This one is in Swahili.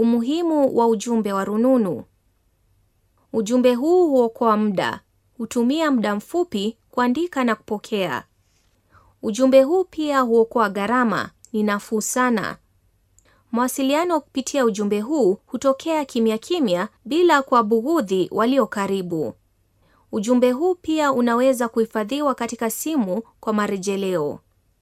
Umuhimu wa ujumbe wa rununu. Ujumbe huu huokoa muda, hutumia muda mfupi kuandika na kupokea. Ujumbe huu pia huokoa gharama, ni nafuu sana. Mawasiliano kupitia ujumbe huu hutokea kimya kimya bila kuwabughudhi walio karibu. Ujumbe huu pia unaweza kuhifadhiwa katika simu kwa marejeleo.